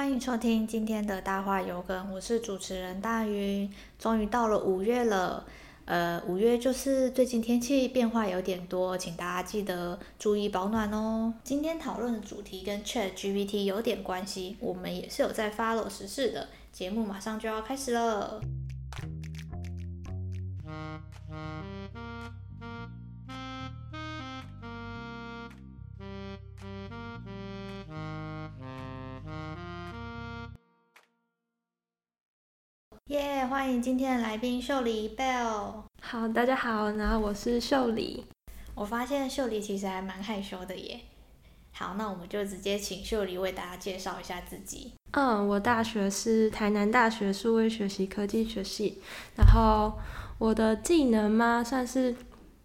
歡迎收聽今天的大話有梗，我是主持人大雲。終於到了五月了，呃，五月就是最近天氣變化有點多，請大家記得注意保暖哦。今天討論的主題跟 Chat GPT 有點關係，我們也是有在 follow 時事的。節目馬上就要開始了。嗯嗯耶！Yeah, 歡迎今天的來賓綉孋 Belle。好，大家好，然後我是綉孋。我發現綉孋其實還蠻害羞的耶。好，那我們就直接請綉孋為大家介紹一下自己。嗯，我大學是台南大學數位學習科技學系。然後我的技能嘛，算是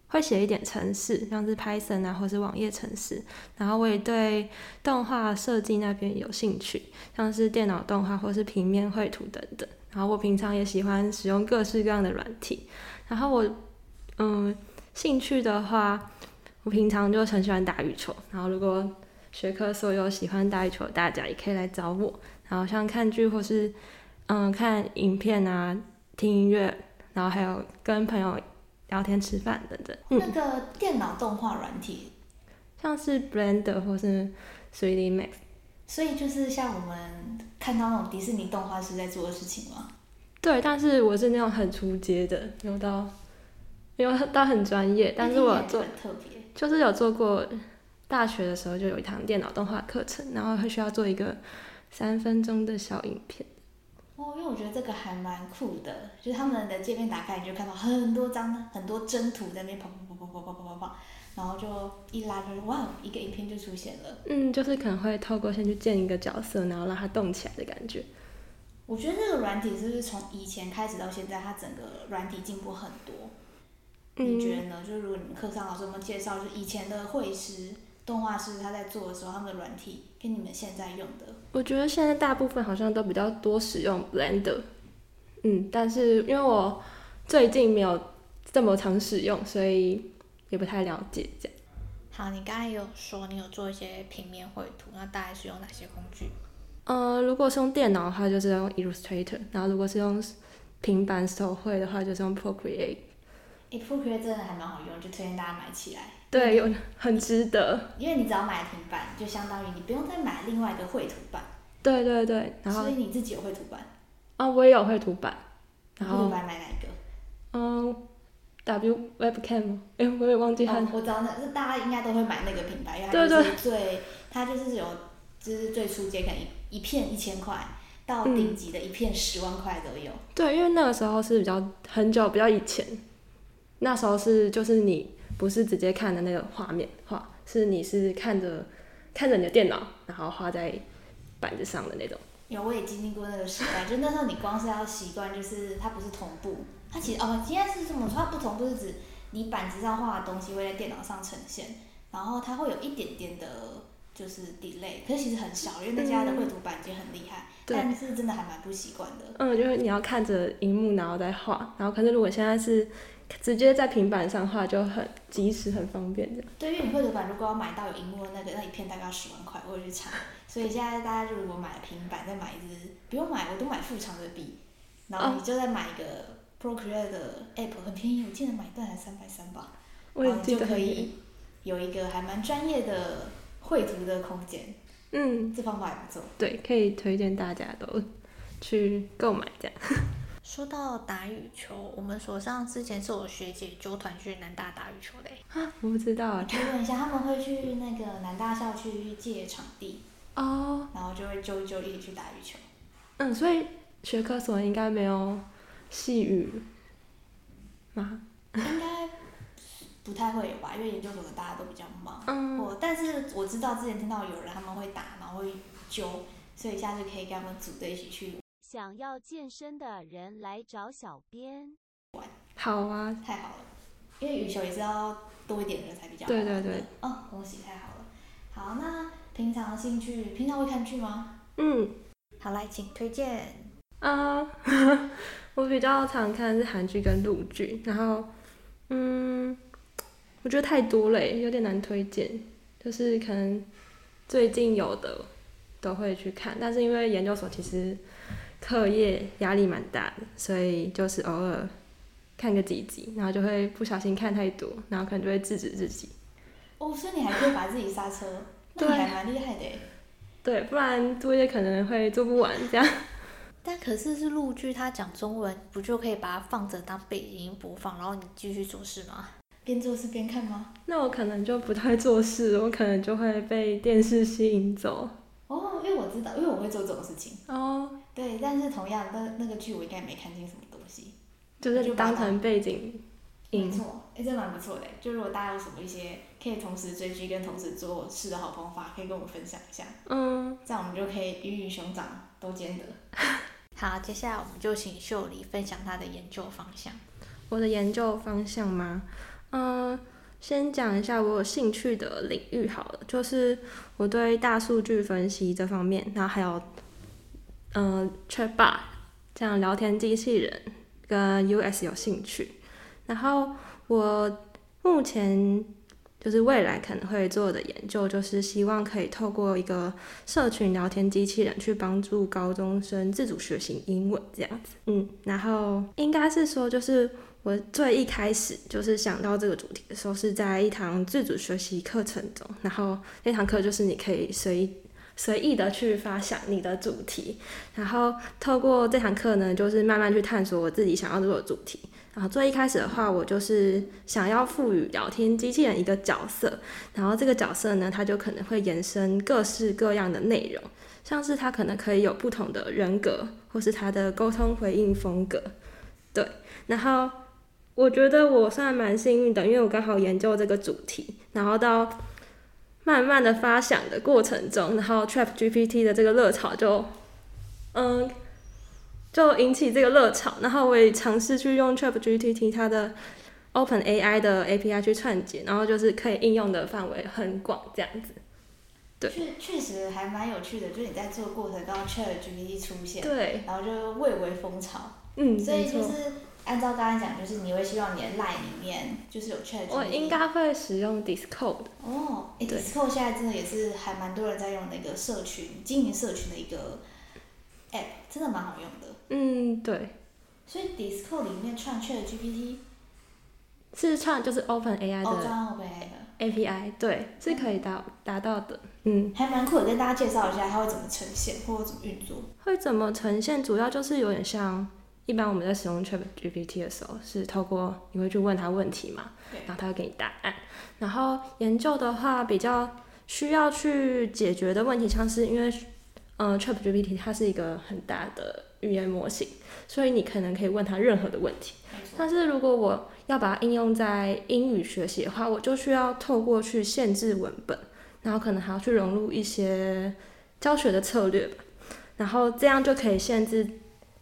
會寫一點程式，像是 Python 啊，或是網頁程式。然後我也對動畫設計那邊有興趣，像是電腦動畫或是平面繪圖等等。然後我平常也喜歡使用各式各樣的軟體，然後我，嗯，興趣的話，我平常就很喜歡打羽球。然後如果學科所有喜歡打羽球的大家也可以來找我。然後像看劇或是，嗯，看影片啊，聽音樂，然後還有跟朋友聊天、吃飯等等。嗯。那個電腦動畫軟體，像是 Blender 或是 3D Max。所以就是像我們看到那種迪士尼動畫師在做的事情嗎？對，但是我是那種很初階的，沒有到，沒有到很專業，但是我做、嗯、很特別、就是有做過大學的時候就有一堂電腦動畫課程，然後需要做一個三分鐘的小影片。哦，因為我覺得這個還蠻酷的，就是他們的界面打開你就看到很多張很多幀圖在那邊跑跑跑跑跑跑跑跑、跑。然後就一拉，就是哇，一個影片就出現了。嗯，就是可能會透過先去建一個角色，然後讓它動起來的感覺。我覺得那個軟體是不是從以前開始到現在，它整個軟體進步很多？嗯，你覺得呢？就是如果你們課上老師有沒有介紹，就是以前的繪師、動畫師他在做的時候，他們的軟體跟你們現在用的？我覺得現在大部分好像都比較多使用 Blender。嗯，但是因為我最近沒有這麼常使用，所以。也不太了解這樣。好，你剛才有說你有做一些平面繪圖，那大概是用哪些工具？呃，如果是用電腦的話，就是用 Illustrator，然後如果是用平板手繪的話，就是用 Procreate。誒，Procreate 真的還蠻好用，就推薦大家買起來。對，為有很值得。因為你只要買了平板，就相當於你不用再買另外一個繪圖板。對對對。然後。所以你自己有繪圖板？啊，我也有繪圖板。然後繪圖板買哪一個？嗯。W webcam？哎、欸，我也忘記很、哦，我知道那，大家應該都會買那個品牌，因對對是最，對對對它就是有，就是最初階，可能一一片一千塊，到頂級的一片十萬塊都有。對，因為那個時候是比較很久，比較以前，是那時候是就是你不是直接看的那個畫面畫，是你是看着看着你的電腦，然後畫在板子上的那種。有，我也經歷過那個習慣， 就那時候你光是要習慣，就是它不是同步。它其實哦，現在是這麼說它不同，就是指你板子上畫的東西會在電腦上呈現，然後它會有一點點的，就是 delay，可是其實很小，因為大家的繪圖板已經很厲害，嗯、但是真的還蠻不習慣的。嗯，就是你要看着熒幕，然後再畫，然後可是如果現在是直接在平板上畫，就很即時、很方便的。對，因為繪圖板如果要買到有螢幕的那個，那一片大概要十萬塊，我也去查。所以現在大家就如果買了平板，再買一支，不用買，我都買副廠的筆，然後你就再買一個。哦 Procreate 的 app 很便宜，我記得買斷還是三百三吧，然後就可以有一個還蠻專業的繪圖的空間。嗯，這方法也不錯。對，可以推薦大家都去購買這樣。 說到打羽球，我們所上之前是我學姐揪團去南大打羽球的，啊，我不知道。啊，請問一下，他們會去那個南大校區借場地？哦。然後就會揪一揪一起去打羽球。嗯，所以學科所應該沒有。細雨嗎？ 應該不太會有吧，因為研究所的大家都比較忙。嗯。我、oh, 但是我知道之前聽到有人他們會打，然後會揪，所以下次可以跟他們組隊一起去。想要健身的人來找小編玩好啊，太好了，因為羽球也是要多一點的人才比較好。對對對。哦，恭喜太好了！好，那平常興趣平常會看劇嗎？嗯。嗯，好，來，請推薦。啊，uh, 我比較常看的是韓劇跟陸劇，然後，嗯，我覺得太多了，有點難推薦。就是可能最近有的都會去看，但是因為研究所其實課業壓力蠻大的，所以就是偶爾看個幾集，然後就會不小心看太多，然後可能就會制止自己。哦，所以你還可以把自己剎車。對， 還蠻厲害的對。對，不然作業可能會做不完這樣。但可是是陸劇，他講中文，不就可以把它放着當背景音播放，然後你繼續做事嗎？邊做事邊看嗎？那我可能就不太做事，我可能就會被電視吸引走。哦，因為我知道，因為我會做這種事情。哦，對，但是同樣，那那個劇我應該也沒看清什麼東西，就是當成背景。沒錯，哎、欸，這蠻不錯的。就如果大家有什麼一些可以同時追劇跟同時做事的好方法，可以跟我分享一下。嗯，這樣我們就可以魚與熊掌都兼得。 好，接下來我們就請綉孋分享他的研究方向。我的研究方向嗎？嗯、呃，先講一下我有興趣的領域好了，就是我對大數據分析這方面，然後還有嗯、呃、Chatbot 這樣聊天機器人跟 US 有興趣。然後我目前。就是未來可能會做的研究，就是希望可以透過一個社群聊天機器人去幫助高中生自主學習英文這樣子。嗯，然後應該是說，就是我最一開始就是想到這個主題的時候，是在一堂自主學習課程中。然後那堂課就是你可以隨隨意的去發想你的主題，然後透過這堂課呢，就是慢慢去探索我自己想要做的主題。啊，然後最一開始的話，我就是想要賦予聊天機器人一個角色，然後這個角色呢，它就可能會延伸各式各樣的內容，像是它可能可以有不同的人格，或是它的溝通回應風格。對，然後我覺得我算蠻幸運的，因為我剛好研究這個主題，然後到慢慢的發想的過程中，然後 ChatGPT 的這個熱潮就，嗯。就引起這個熱潮，然後我也嘗試去用 ChatGPT 它的 OpenAI 的 API 去串接，然後就是可以應用的範圍很廣，這樣子。對，確確實還蠻有趣的，就是你在做過程當中，ChatGPT 出現，對，然後就蔚為風潮。嗯，所以就是按照剛才講，就是你會希望你的 Line 裡面就是有 ChatGPT。我應該會使用 Discord。哦，Discord 現在真的也是還蠻多人在用那個社群，經營社群的一個。真的蠻好用的。嗯，對。所以 Discord 裡面串 ChatGPT，是串就是 OpenAI 的。OpenAI 的。API 對，是可以到、嗯、達到的。嗯，還蠻酷的，跟大家介紹一下它會怎麼呈現，或者怎麼運作。會怎麼呈現？主要就是有點像一般我們在使用 ChatGPT 的時候，是透過你會去問他問題嘛，對然後他會給你答案。然後研究的話，比較需要去解決的問題，像是因為。嗯 ChatGPT 它是一個很大的語言模型，所以你可能可以問他任何的問題。但是如果我要把它應用在英語學習的話，我就需要透過去限制文本，然後可能還要去融入一些教學的策略吧。然後這樣就可以限制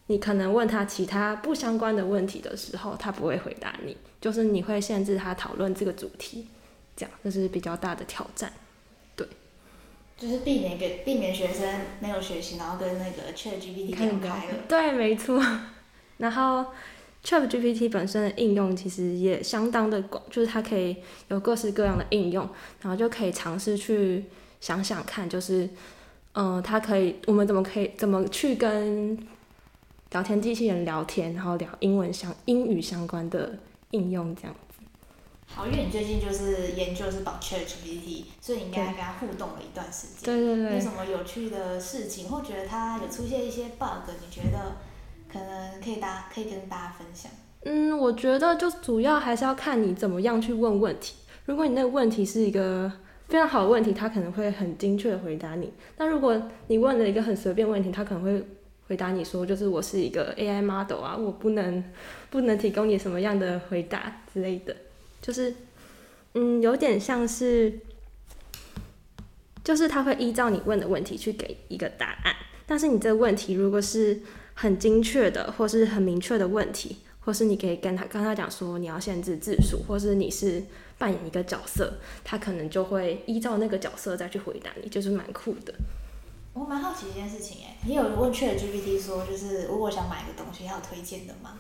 你可能問他其他不相關的問題的時候，他不會回答你，就是你會限制他討論這個主題。這樣，這是比較大的挑戰。就是避免給避免學生沒有學習，然後跟那個 Chat GPT 開了。對，沒錯。 然後 Chat GPT 本身的應用其實也相當的廣，就是它可以有各式各樣的應用，然後就可以嘗試去想想看，就是，嗯、呃，它可以，我們怎麼可以怎麼去跟，聊天機器人聊天，然後聊英文相英語相關的應用這樣。好，因為你最近就是研究是關於 Chat GPT，所以你應該跟他互動了一段時間。對對對。有什麼有趣的事情，或覺得他有出現一些 bug，你覺得可能可以大家可以跟大家分享？嗯，我覺得就主要還是要看你怎麼樣去問問題。如果你那個問題是一個非常好的問題，他可能會很精確的回答你。那如果你問了一個很隨便問題，他可能會回答你說，就是我是一個 AI model 啊，我不能不能提供你什麼樣的回答之類的。就是，嗯，有點像是，就是他會依照你問的問題去給一個答案。但是你這個問題如果是很精確的，或是很明確的問題，或是你可以跟他跟他講說你要限制字數，或是你是扮演一個角色，他可能就會依照那個角色再去回答你，就是蠻酷的。我蠻、哦、好奇一件事情哎，你有問 ChatGPT 說就是如果我想買一個東西要推薦的嗎？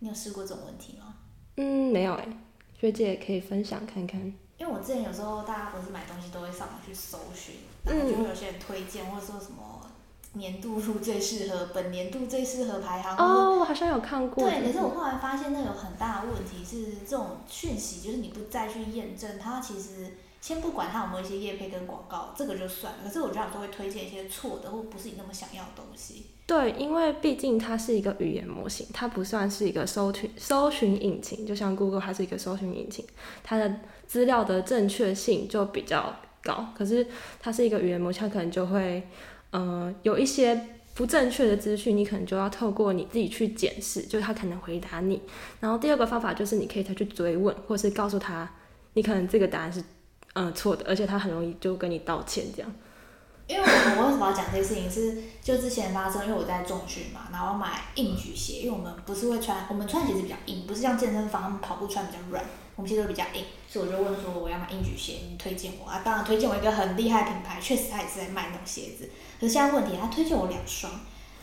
你有試過這種問題嗎？嗯，沒有哎、欸。最近也可以分享看看，因為我之前有時候，大家不是買東西都會上網去搜尋，嗯、然後就會有些人推薦或者說什麼年度最適合、本年度最適合排行。哦，者我好像有看過。對，可是我後來發現那有很大的問題是，這種訊息、嗯、就是你不再去驗證，它其實。先不管它有沒有一些業配跟廣告，這個就算了。可是我覺得它都會推薦一些錯的，或不是你那麼想要的東西。對，因為畢竟它是一個語言模型，它不算是一個搜尋搜尋引擎。就像 Google，它是一個搜尋引擎，它的資料的正確性就比較高。可是它是一個語言模型，它可能就會嗯、呃、有一些不正確的資訊，你可能就要透過你自己去檢視，就是它可能回答你。然後第二個方法就是你可以再去追問，或是告訴他，你可能這個答案是。嗯，錯的，而且他很容易就跟你道歉這樣。因為我為什麼要講這個事情是，是就之前發生，因為我在重訓嘛，然後買硬舉鞋，因為我們不是會穿，我們穿鞋是比較硬，不是像健身房跑步穿比較軟，我們鞋都比較硬，所以我就問說我要買硬舉鞋，你推薦我啊？當然推薦我一個很厲害的品牌，確實他也是在賣那種鞋子。可是現在問題，他推薦我兩雙，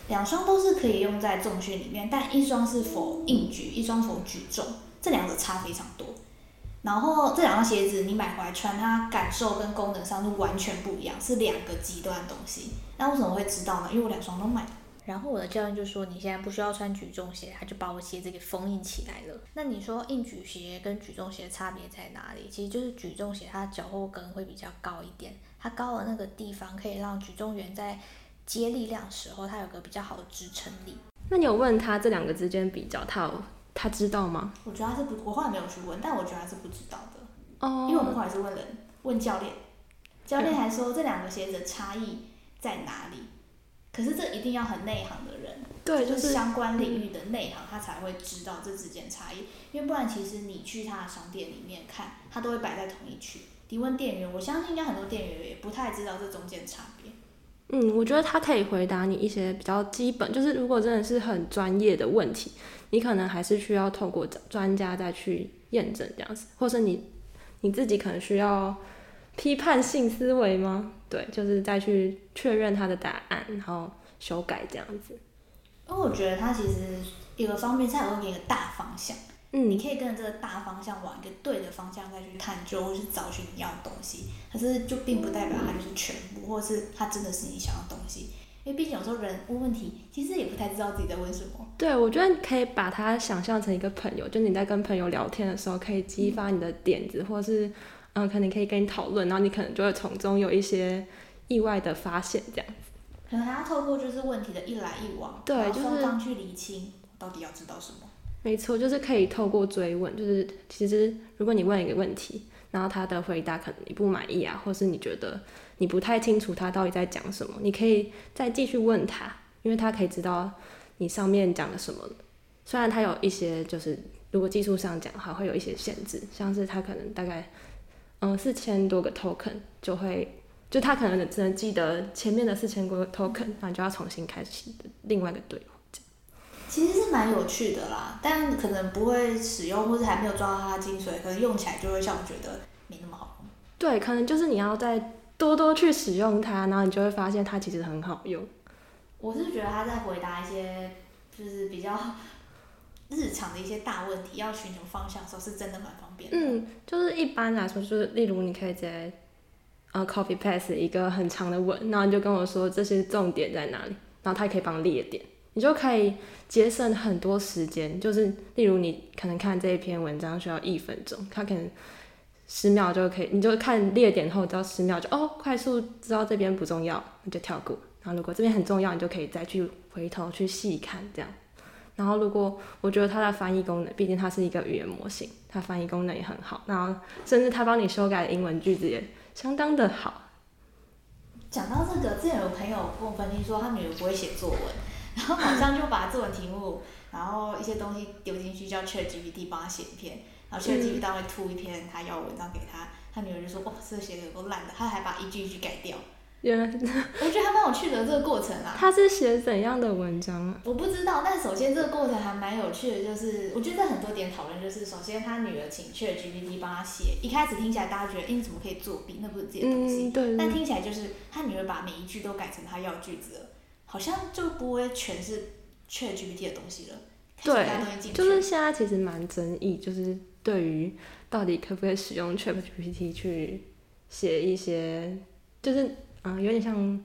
兩雙都是可以用在重訓裡面，但一雙是 for 硬舉，一雙 for 舉重，這兩者差非常多。然後這兩雙鞋子你買回來穿，它，感受跟功能上都完全不一樣，是兩個極端的東西。那為什麼會知道呢？因為我兩雙都買。然後我的教練就說，你現在不需要穿舉重鞋，他就把我鞋子給封印起來了。那你說硬舉鞋跟舉重鞋差別在哪裡？其實就是舉重鞋它，腳後跟會比較高一點，它高的那個地方可以讓舉重員在接力量的時候，它有個比較好的支撐力。那你有問他這兩個之間比較套？他知道嗎？我覺得他是不，我後來沒有去問，但我覺得他是不知道的，哦。Oh, 因為我們後來是問人，問教練，教練還說這兩個鞋子的差異在哪裡？欸、可是這一定要很內行的人，對，就是相關領域的內行，嗯、他才會知道這之間差異。因為不然，其實你去他的商店裡面看，他都會擺在同一區。你問店員，我相信應該很多店員也不太知道這中間差別。嗯，我覺得他可以回答你一些比較基本，就是如果真的是很專業的問題。你可能還是需要透過專專家再去驗證這樣子，或是你你自己可能需要批判性思維嗎？對，就是再去確認他的答案，然後修改這樣子。那、哦、我覺得它其實一個方面菜而已，一個大方向，嗯，你可以跟着這個大方向往一個對的方向再去探究，或是找尋你要的東西。可是就並不代表它就是全部，或是它真的是你想要的東西。因為畢竟有時候人問問題，其實也不太知道自己在問什麼。對，我覺得可以把它想象成一個朋友，就你在跟朋友聊天的時候，可以激發你的點子，嗯、或是，嗯、呃，可能可以跟你討論，然後你可能就會從中有一些意外的發現，這樣子。可能還要透過就是問題的一來一往，對就是、是、去釐清到底要知道什麼。沒錯，就是可以透過追問，對就是其實如果你問一個問題。然後他的回答可能你不滿意啊，或是你覺得你不太清楚他到底在講什麼，你可以再繼續問他，因為他可以知道你上面講了什麼了。雖然他有一些就是如果技術上講還會有一些限制，像是他可能大概嗯四千多個 token 就會，就他可能只能記得前面的四千多個 token，那你就要重新開啟另外一個對。其實是蠻有趣的啦，但可能不會使用，或是還沒有抓到它精髓，可能用起來就會像我覺得沒那麼好用。對，可能就是你要再多多去使用它，然後你就會發現它其實很好用。我是覺得它在回答一些就是比較日常的一些大問題，要尋求方向的時候是真的蠻方便的。嗯，就是一般來說，就是例如你可以在呃 copy paste 一個很長的文，然後你就跟我說這些重點在哪裡，然後它也可以幫你列點。你就可以節省很多時間，就是例如你可能看這一篇文章需要一分鐘，它可能十秒就可以，你就看列點後，知道十秒就哦，快速知道這邊不重要，你就跳過。然後如果這邊很重要，你就可以再去回頭去細看這樣。然後如果我覺得它的翻譯功能，畢竟它是一個語言模型，它翻譯功能也很好。然後甚至它幫你修改的英文句子也相當的好。講到這個，之前有朋友跟我分享說，他女兒不會寫作文。然後馬上就把作文題目， 然後一些東西丟進去，叫 Chat GPT 幫他寫一篇，然後 Chat GPT 他會吐一篇，他要文章給他，嗯、他女兒就說哇，這、哦、寫的有夠爛的，他還把一句一句改掉。原來、嗯、我覺得還蠻有趣的這個過程啊。他是寫怎樣的文章、啊。我不知道，但首先這個過程還蠻有趣的，就是我覺得很多點討論，就是首先他女兒請 Chat GPT 幫他寫，一開始聽起來大家覺得，哎、欸，你怎麼可以作弊？那不是自己的東西。嗯、對。但聽起來就是他女兒把每一句都改成他要句子了。好像就不會全是 ChatGPT 的東西了。對，就是現在其實蠻爭議，就是對於到底可不可以使用 ChatGPT 去寫一些，就是嗯、呃，有點像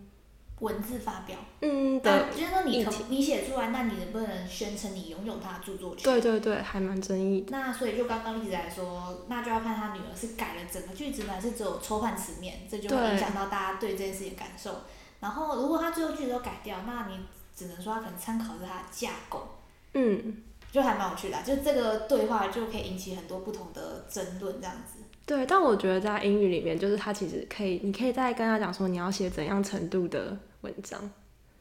文字發表。嗯，對、啊，就是說你你寫出來，那你能不能宣稱你擁有它的著作權？對對對，還蠻爭議的。那所以就剛剛一直來說，那就要看他女兒是改了整個句子，還是只有抽換詞面，這就會影響到大家對這件事情感受。然後，如果他最後句子都改掉，那你只能說他可能參考的他的架構。嗯，就還蠻有趣的，就這個對話就可以引起很多不同的爭論，這樣子。對，但我覺得在英語裡面，就是他其實可以，你可以再跟他講說你要寫怎樣程度的文章，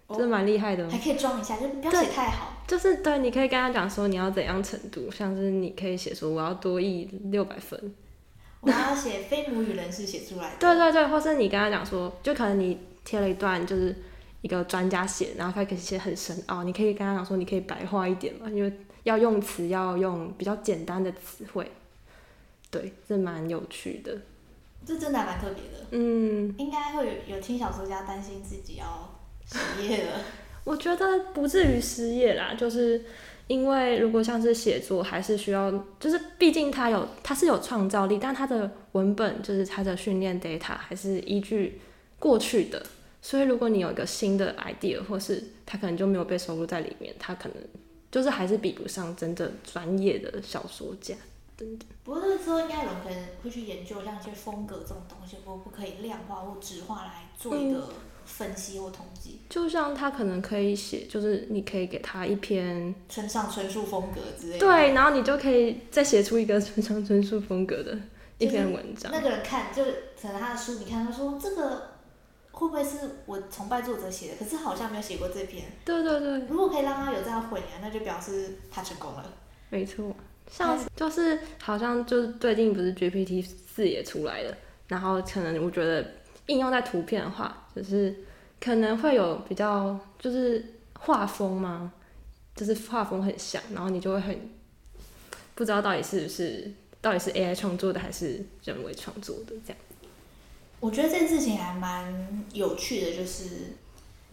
這、哦、蠻厲害的。還可以裝一下，就不要寫太好。就是對，你可以跟他講說你要怎樣程度，像是你可以寫說我要多益六百分，我要寫非母語人士寫出來的。 對對對，或是你跟他講說，就可能你。貼了一段，就是一個專家寫，然後他可以寫很深奧。哦，你可以跟他講說，你可以白話一點嘛，因為要用詞要用比較簡單的詞彙。對，這蠻有趣的。這真的還蠻特別的。嗯。應該會有有聽小說家擔心自己要失業了。 我覺得不至於失業啦，嗯、就是因為如果像是寫作，還是需要，就是畢竟他有他是有創造力，但他的文本就是他的訓練 data 還是依據。過去的，所以如果你有一個新的 idea 或是，他可能就沒有被收錄在裡面，他可能就是還是比不上真的專業的小說家。對不，對不過不是說，應該有人可能會去研究像一些風格這種東西，或不，不可以量化或質化，來做一個分析或統計，嗯。就像他可能可以寫，就是你可以給他一篇村上春樹風格之類的。對，然後你就可以再寫出一個村上春樹風格的一篇文章。那個人看，就可能他的書，你看他說這個。會不會是我崇拜作者寫的？可是好像沒有寫過這篇。對對對。如果可以讓他有這樣混，啊，那就表示他成功了。沒錯。像，就是好像就是最近不是 GPT 四也出來了，然後可能我覺得應用在圖片的話，就是可能會有比較就是畫風嗎，啊？就是畫風很像，然後你就會很不知道到底是不是，到底是 AI 創作的還是人為創作的這樣。我覺得這件事情還蠻有趣的，就是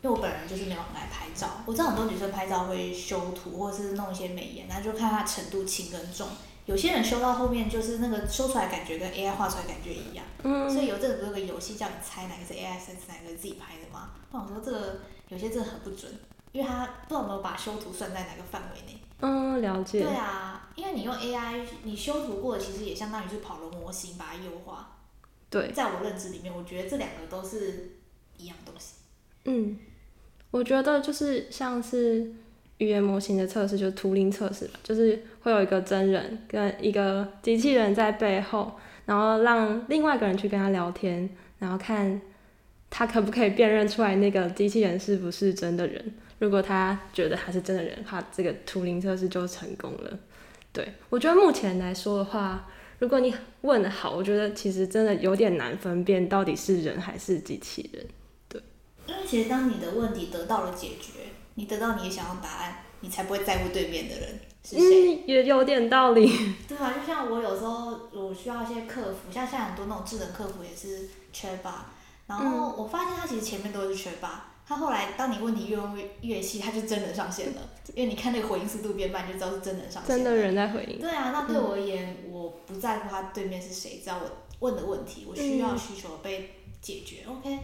因為我本人就是沒有很愛拍照。我知道很多女生拍照會修圖，或者是弄一些美顏，然後就看它程度輕跟重。有些人修到後面，就是那個修出來感覺跟 AI 畫出來感覺一樣。嗯。所以有陣子有個遊戲叫你猜哪個是 AI 生成，哪個是自己拍的嗎？我想說這個有些真的很不準，因為他不知道有沒有把修圖算在哪個範圍內。嗯，了解。對啊，因為你用 AI 你修圖過的，其實也相當於是跑了模型把它優化。對，在我認知裡面，我覺得這兩個都是一樣的東西。嗯，我覺得就是像是語言模型的測試，就是圖靈測試吧，就是會有一個真人跟一個機器人在背後，然後讓另外一個人去跟他聊天，然後看他可不可以辨認出來那個機器人是不是真的人。如果他覺得他是真的人的話，他這個圖靈測試就成功了。對，我覺得目前來說的話。如果你問的好，我覺得其實真的有點難分辨到底是人還是機器人，對。因為其實當你的問題得到了解決，你得到你想要答案，你才不會在乎對面的人是誰。嗯，也有點道理。對啊，就像我有時候我需要一些客服，像現在很多那種智能客服也是缺乏，然後我發現他其實前面都是缺乏。到後來，當你問題越問越細，他就真的上線了。因為你看那個回應速度變慢，就知道是真的上線。真的人在回應。對啊，那對我而言，嗯、我不在乎他對面是誰，只要我問的問題，我需要需求被解決、嗯、OK，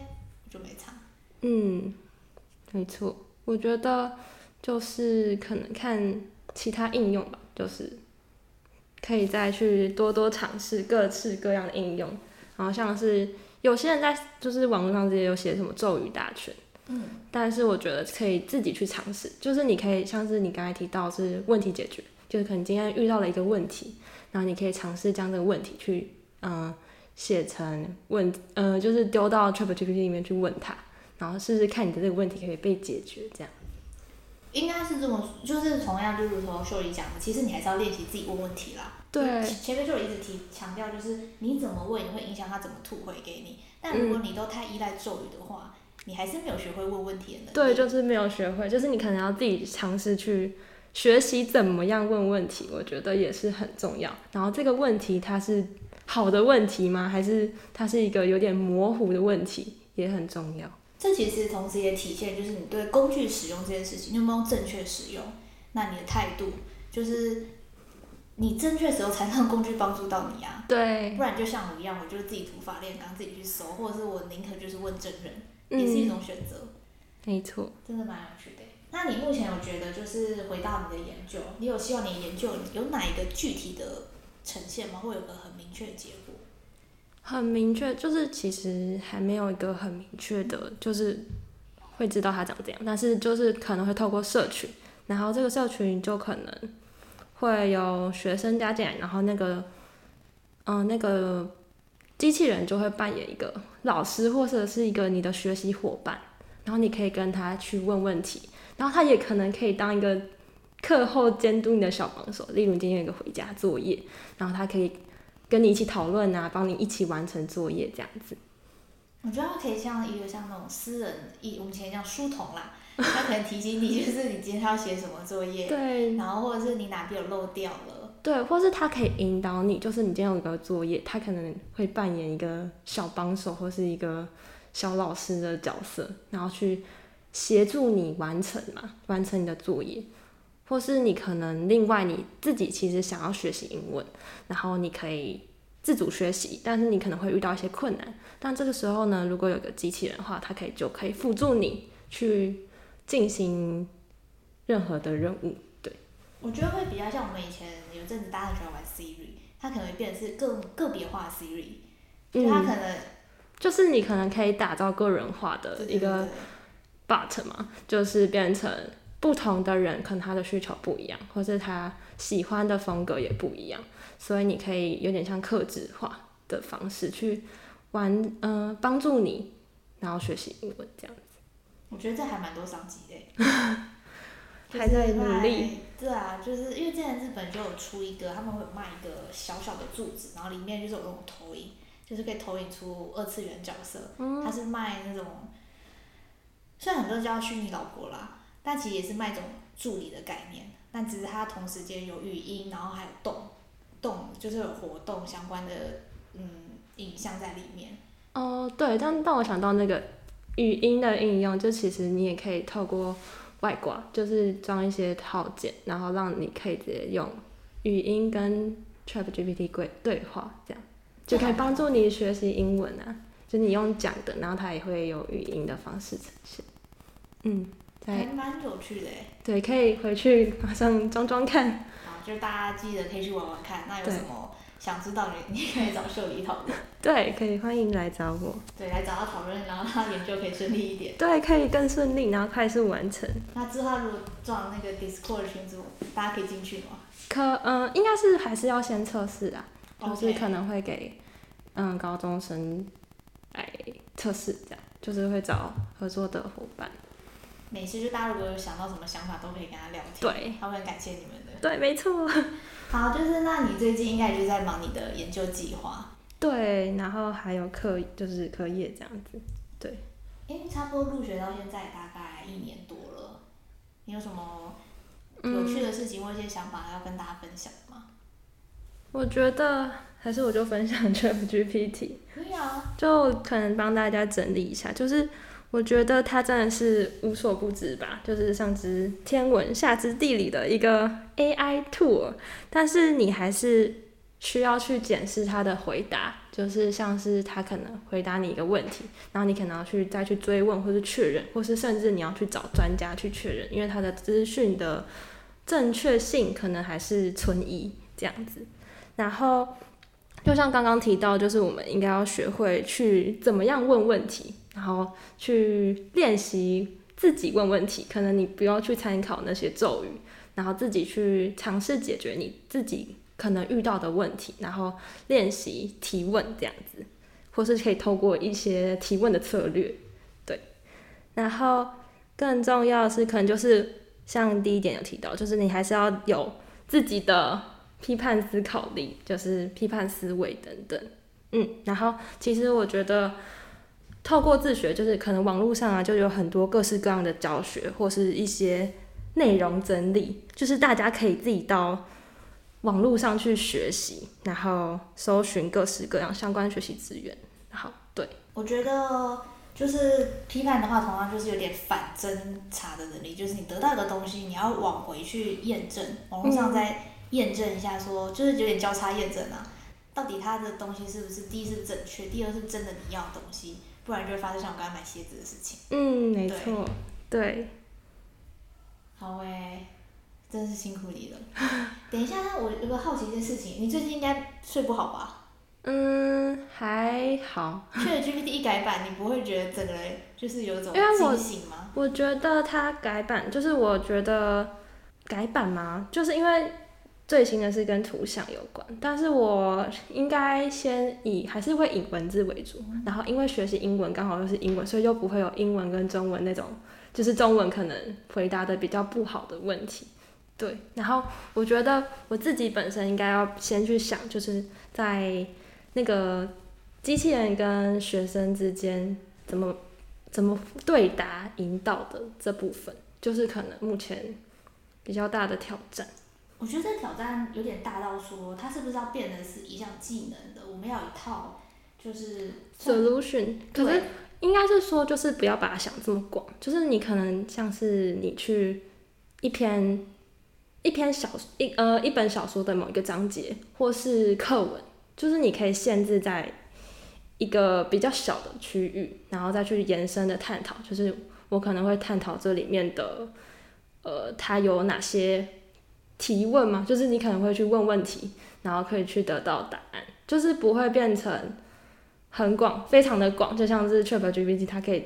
我就沒差。嗯，沒錯。我覺得就是可能看其他應用吧，就是可以再去多多嘗試各式各樣的應用。然後像是有些人在就是網絡上直接有寫什麼咒語大全。嗯，但是我覺得可以自己去嘗試，就是你可以像是你剛才提到是問題解決，就是可能今天遇到了一個問題，然後你可以嘗試將這個問題去嗯寫、呃、成問，呃就是丟到 ChatGPT 裡面去問他，然後試試看你的這個問題可以被解決，這樣應該是這種，就是同樣就是說綉孋講的，其實你還是要練習自己問問題啦。對、嗯，前面綉孋一直提強調就是你怎麼問，你會影響他怎麼吐回給你，但如果你都太依賴咒語的話。嗯你還是沒有學會問問題的能力。對，就是沒有學會，就是你可能要自己嘗試去學習怎麼樣問問題，我覺得也是很重要。然後這個問題它是好的問題嗎？還是它是一個有點模糊的問題，也很重要。這其實同時也體現就是你對工具使用這件事情，你有沒有正確使用？那你的態度就是你正確使用才能讓工具幫助到你啊。對，不然就像我一樣，我就自己土法煉鋼，剛剛自己去搜，或者是我寧可就是問真人。也是一種選擇，嗯、沒錯，真的蠻有趣的。那你目前有覺得，就是回到你的研究，你有希望你研究有哪一個具體的呈現嗎？會有個很明確的結果？很明確，就是其實還沒有一個很明確的，嗯、就是會知道他長怎樣。但是就是可能會透過社群，然後這個社群就可能會有學生加進來，然後那個，嗯、呃，那個。機器人就會扮演一個老師或者是一個你的學習夥伴，然後你可以跟他去問問題，然後他也可能可以當一個課後監督你的小幫手。例如今天有個回家作業，然後他可以跟你一起討論啊，幫你一起完成作業這樣子。我覺得可以像一個像那種私人一我們以前叫書童啦，他可能提醒你就是你今天要寫什麼作業， 對，然後或者是你哪邊有漏掉了。對，或是他可以引導你，就是你今天有一個作業，他可能會扮演一個小幫手或是一個小老師的角色，然後去協助你完成嘛，完成你的作業。或是你可能另外你自己其實想要學習英文，然後你可以自主學習，但是你可能會遇到一些困難。但這個時候呢，如果有個機器人的話，它可以就可以輔助你去進行任何的任務。我覺得會比較像我們以前有陣子大家很喜歡玩 Siri，它可能會變成是個個別化的 Siri，、嗯、它可能就是你可能可以打造個人化的一個 bot 嘛，是對對對，就是變成不同的人可能他的需求不一樣，或是他喜歡的風格也不一樣，所以你可以有點像客製化的方式去玩，嗯、呃，幫助你然後學習英文這樣子。我覺得這還蠻多商機的，還在 努力。對啊，就是因為之前日本就有出一個，他們會賣一個小小的柱子，然後裡面就是有那種投影，就是可以投影出二次元角色。嗯，它是賣那種，雖然很多人叫它虛擬老婆啦，但其實也是賣一種助理的概念。但只是它同時間有語音，然後還有動動，就是有活動相關的嗯影像在裡面。哦、呃，對，但但我想到那個語音的應用，就其實你也可以透過。外掛就是裝一些套件，然後讓你可以直接用語音跟 ChatGPT 對話，這樣就可以幫助你學習英文啊。 就你用講的，然後它也會有語音的方式呈現。嗯，在還蠻有趣的。對，可以回去馬上裝裝看。啊，就是大家記得可以去玩玩看，那有什麼？想知道你，你可以找綉孋討論。對，可以歡迎來找我。對，來找他討論，然後他研究可以順利一點。對，可以更順利，然後快速完成。那之後如果轉那個 Discord 群組，大家可以進去嗎？可，嗯、呃，應該是還是要先測試啊，就是可能會給 Okay. 嗯高中生來測試，這樣就是會找合作的夥伴。每次就大家如果有想到什麼想法，都可以跟他聊天，對他會很感謝你們。對，沒錯。好，就是那你最近應該就是在忙你的研究計劃。對，然後還有課，就是課業這樣子。對。哎，差不多入學到現在大概一年多了，你有什麼有趣的事情、嗯、或一些想法要跟大家分享嗎？我覺得還是我就分享 ChatGPT。可以啊，就可能幫大家整理一下，就是。我覺得它真的是無所不知吧，就是上知天文下知地理的一個 AI tool，但是你還是需要去檢視它的回答，就是像是它可能回答你一個問題，然後你可能要去再去追問，或是確認，或是甚至你要去找專家去確認，因為它的資訊的正確性可能還是存疑這樣子。然後就像剛剛提到，就是我們應該要學會去怎麼樣問問題。然後去練習自己問問題，可能你不要去參考那些咒語，然後自己去嘗試解決你自己可能遇到的問題，然後練習提問這樣子，或是可以透過一些提問的策略，對。然後更重要的是，可能就是像第一點有提到，就是你還是要有自己的批判思考力，就是批判思維等等。嗯，然後其實我覺得。透過自學，就是可能網絡上啊，就有很多各式各樣的教學或是一些內容整理，嗯、就是大家可以自己到網絡上去學習，然後搜尋各式各樣相關學習資源。好，對，我覺得就是批判的話，同樣就是有點反偵查的能力，就是你得到的東西，你要往回去驗證，網絡上再驗證一下說，說、嗯、就是有點交叉驗證啊，到底他的東西是不是第一是正確，第二是真的你要的東西。不然就會發生像我剛才買鞋子的事情。嗯，沒錯，對。對，好誒，真是辛苦你了。 等一下，我有個好奇的事情，你最近應該睡不好吧？嗯，還好。去了 GPT 一改版， 你不會覺得整個人就是有種，因為我我覺得它，改版，就是我覺得改版嘛，就是因為。最新的是跟圖像有關，但是我應該先以還是會以文字為主，然後因為學習英文剛好又是英文，所以就不會有英文跟中文那種，就是中文可能回答的比較不好的問題。對，然後我覺得我自己本身應該要先去想，就是在那個機器人跟學生之間怎麼怎麼對答引導的這部分，就是可能目前比較大的挑戰。我覺得這挑戰有點大到說它是不是要變成是一項技能的？我們要一套，就是 solution。對，可是應該是說，就是不要把它想這麼廣。就是你可能像是你去一篇一篇小一呃一本小說的某一個章節，或是課文，就是你可以限制在一個比較小的區域，然後再去延伸的探討。就是我可能會探討這裡面的呃，它有哪些。提問嘛，就是你可能會去問問題，然後可以去得到答案，就是不會變成很廣、非常的廣，就像是 ChatGPT 它可以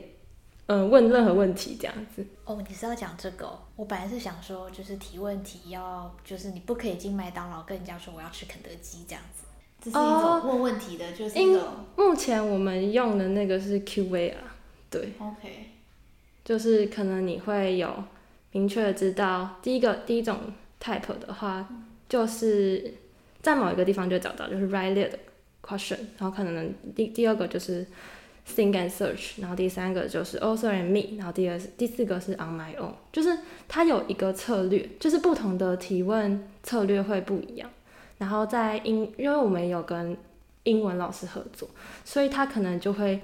嗯、呃、問任何問題這樣子。哦，你是要講這個、哦？我本來是想說，就是提問題要，就是你不可以進麥當勞跟人家說我要吃肯德基這樣子，這是一種問問題的，哦、就是目前我們用的那個是 Q&A，對，OK，就是可能你會有明確的知道第一個第一種，type 的話，就是在某一個地方就找到，就是 right there 的 question。然後可能第第二個就是 think and search，然後第三個就是 author and me，然後第二第四個是 on my own。就是他有一個策略，就是不同的提問策略會不一樣。然後在英，因為我們有跟英文老師合作，所以他可能就會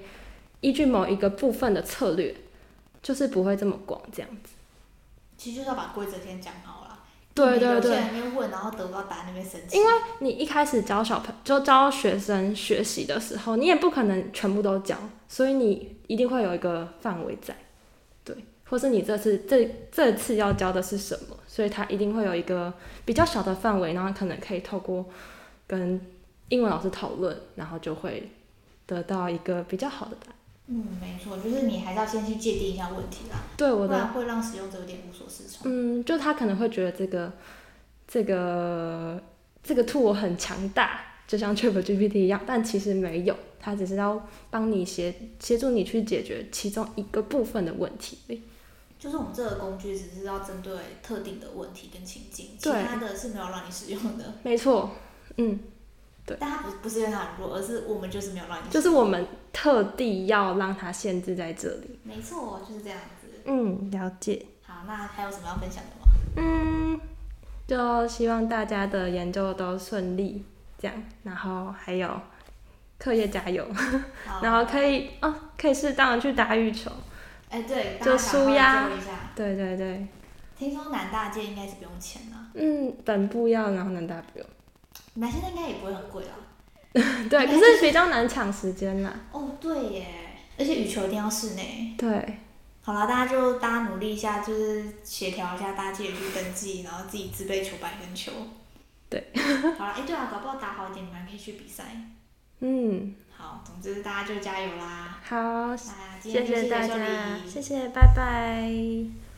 依據某一個部分的策略，就是不會這麼廣這樣子。其實就是要把規則先講好了。對對對，問，然後得不到答案那邊生氣。因為你一開始教小朋友就教學生學習的時候，你也不可能全部都教，所以你一定會有一個範圍在，對，或是你這次這這次要教的是什麼，所以他一定會有一個比較小的範圍，然後可能可以透過跟英文老師討論，然後就會得到一個比較好的答案。嗯，沒錯，就是你還是要先去界定一下問題啦，對，我的不然會讓使用者有點無所適從。嗯，就他可能會覺得這個、這個、這個 tool 很強大，就像 ChatGPT 一樣，但其實沒有，它只是要幫你協協助你去解決其中一個部分的問題。對，就是我們這個工具只是要針對特定的問題跟情境，對其他的是沒有讓你使用的。沒錯，嗯。對但他不不是因為他很弱，而是我們就是沒有亂。就是我們特地要讓他限制在這裡。沒錯，就是這樣子。嗯，了解。好，那還有什麼要分享的嗎？嗯，就希望大家的研究都順利，這樣，然後還有課業加油，的 然後可以的哦，可以適當的去打羽球。哎、欸，對，就舒壓。一下對對對。聽說南大借應該是不用錢的、啊。嗯，本部要，然後南大不用。買現在應該也不會很貴哦、啊。 對，可是比較難搶時間吶、啊。哦，對耶，而且羽球一定要室內。對。好了，大家就大家努力一下，就是協調一下，大家自己去登記，然後自己自備球拍跟球。對。 好了，哎，對啊，搞不好打好一點，你們還可以去比賽。嗯。好，總之大家就加油啦。好。那今天就到這裡，謝謝大家，謝謝，謝謝，拜拜。